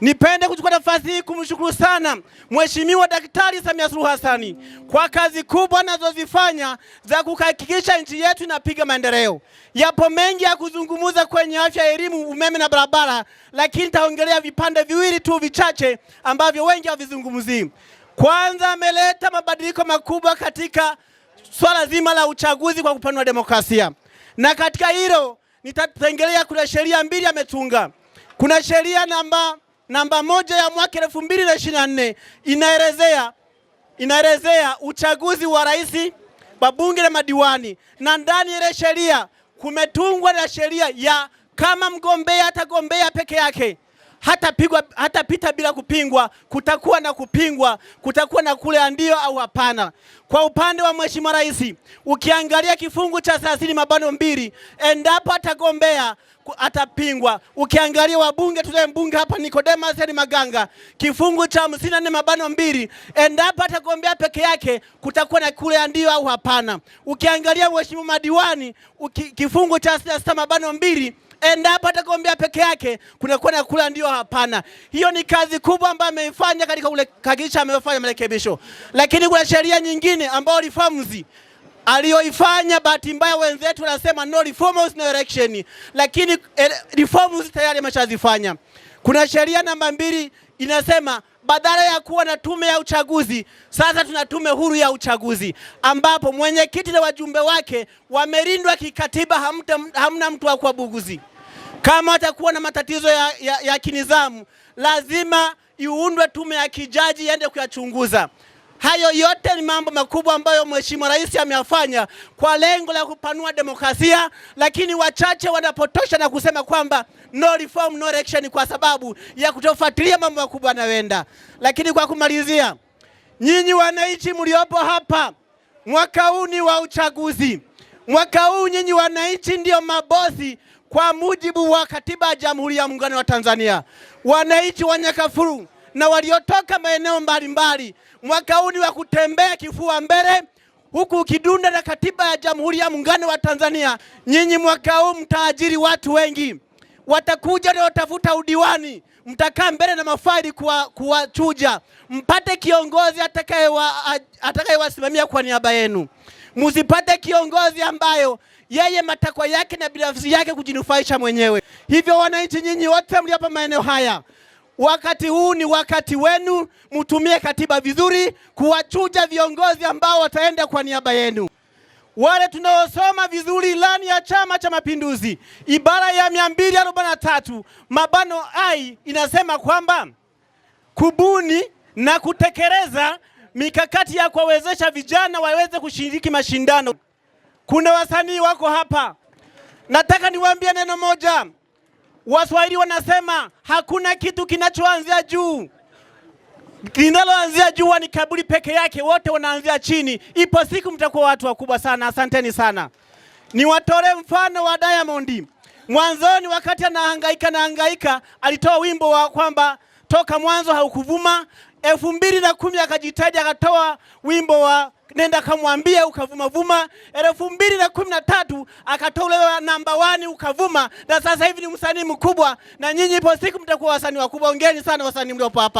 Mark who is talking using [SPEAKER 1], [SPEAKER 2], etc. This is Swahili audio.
[SPEAKER 1] Nipende kuchukua nafasi hii kumshukuru sana Mheshimiwa Daktari Samia Suluhu Hassan kwa kazi kubwa anazozifanya za kuhakikisha nchi yetu inapiga maendeleo. Yapo mengi ya kuzungumza kwenye afya, elimu, umeme na barabara, lakini taongelea vipande viwili tu vichache ambavyo wengi havizungumzii. Kwanza, ameleta mabadiliko makubwa katika swala zima la uchaguzi kwa kupanua demokrasia, na katika hilo nitatengelea kuna sheria mbili ametunga. Kuna sheria namba namba moja ya mwaka elfu mbili na ishirini na nne inaelezea inaelezea uchaguzi wa rais, wabunge na madiwani, na ndani ya sheria kumetungwa na sheria ya kama mgombea atagombea peke yake hatapigwa hatapita bila kupingwa. Kutakuwa na kupingwa, kutakuwa na kule ndio au hapana. Kwa upande wa mheshimiwa rais, ukiangalia kifungu cha thelathini mabano mbili, endapo atagombea atapingwa. Ukiangalia wabunge tunaye mbunge hapa Nicodemus ni Maganga, kifungu cha hamsini na nne mabano mbili, endapo atagombea peke yake kutakuwa na kura ya ndio au hapana. Ukiangalia mheshimiwa madiwani uki, kifungu cha sita mabano mbili endapo atagombea peke yake kunakuwa na kula ndio hapana. Hiyo ni kazi kubwa ambayo ameifanya katika ule kuhakikisha amefanya marekebisho, lakini kuna sheria nyingine ambayo reforms aliyoifanya bahati mbaya, wenzetu wanasema no reforms no election, lakini eh, reforms tayari ameshazifanya. Kuna sheria namba mbili inasema badala ya kuwa na tume ya uchaguzi, sasa tuna tume huru ya uchaguzi, ambapo mwenyekiti na wajumbe wake wamelindwa kikatiba, hamta, hamna mtu wa kuwabuguzi. Kama watakuwa na matatizo ya, ya, ya kinizamu, lazima iundwe tume ya kijaji iende kuyachunguza. Hayo yote ni mambo makubwa ambayo Mheshimiwa Rais ameyafanya kwa lengo la kupanua demokrasia, lakini wachache wanapotosha na kusema kwamba no reform, no election kwa sababu ya kutofuatilia mambo makubwa yanayoenda. Lakini kwa kumalizia, nyinyi wananchi mliopo hapa, mwaka huu ni wa uchaguzi. Mwaka huu nyinyi wananchi ndio mabosi kwa mujibu wa katiba ya Jamhuri ya Muungano wa Tanzania. Wananchi wa na waliotoka maeneo mbalimbali. Mwaka huu ni wa kutembea kifua mbele, huku ukidunda na katiba ya Jamhuri ya Muungano wa Tanzania. Nyinyi mwaka huu mtaajiri watu wengi, watakuja wanaotafuta udiwani, mtakaa mbele na mafaili kuwachuja, mpate kiongozi atakayewasimamia kwa niaba yenu. muzipate kiongozi ambayo yeye matakwa yake na binafsi yake kujinufaisha mwenyewe. Hivyo wananchi, nyinyi wote mliopa maeneo haya Wakati huu ni wakati wenu, mtumie katiba vizuri kuwachuja viongozi ambao wataenda kwa niaba yenu. Wale tunaosoma vizuri ilani ya Chama cha Mapinduzi ibara ya 243 mabano ai inasema kwamba kubuni na kutekeleza mikakati ya kuwawezesha vijana waweze kushiriki mashindano. Kuna wasanii wako hapa, nataka niwaambie neno moja. Waswahili wanasema hakuna kitu kinachoanzia juu. Linaloanzia juu ni kaburi peke yake, wote wanaanzia chini. Ipo siku mtakuwa watu wakubwa sana. Asanteni sana. Niwatolee mfano wa Diamond. Mwanzoni wakati anahangaika nahangaika, alitoa wimbo wa kwamba toka mwanzo haukuvuma, elfu mbili na kumi akajitaji akatoa wimbo wa nenda kamwambia ukavumavuma. elfu mbili na kumi na tatu akatoa ule namba wani ukavuma, na sasa hivi ni msanii mkubwa, na nyinyi ipo siku mtakuwa wasanii wakubwa. Ongeeni sana wasanii mliopo hapa.